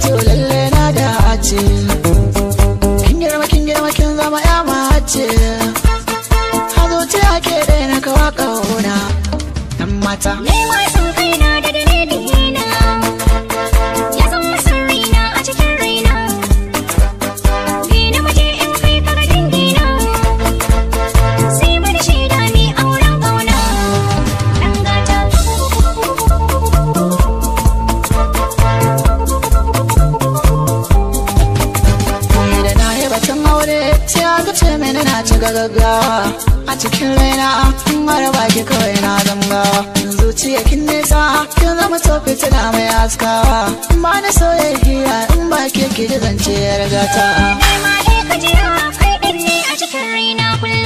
to lalle na da kin girma kin girma kin zama ya mace hazo ce ake na kawa kauna dan mata tun aure sai aka ce mini na cika gaggawa a cikin raina in mara baki kawai na zanga zuciya kin nesa kin zama so fitina mai aska ba na soyayya in ba ke ki zance ya riga ta. ma dai ka jira kai kai ne a cikin raina kullum.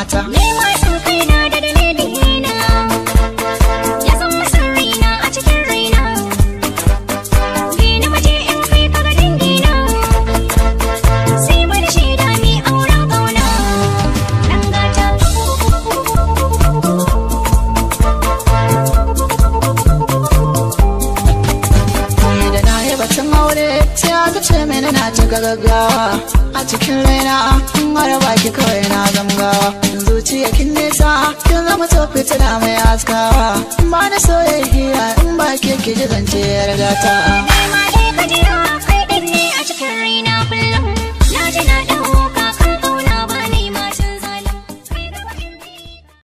mata Ni ma so kaina da dalilina Ya zama sirrina a cikin raina Ni waje mace in kai ka Sai bari shaida mi auren kauna Dan gata Ni da na yi batun aure ce mini na cika gaggawa a cikin raina in har baki kawai na zamgawa zuciya kin nesa kin zama to fitina mai haskawa ba na soyayya in baki ki ji zance ya rigata.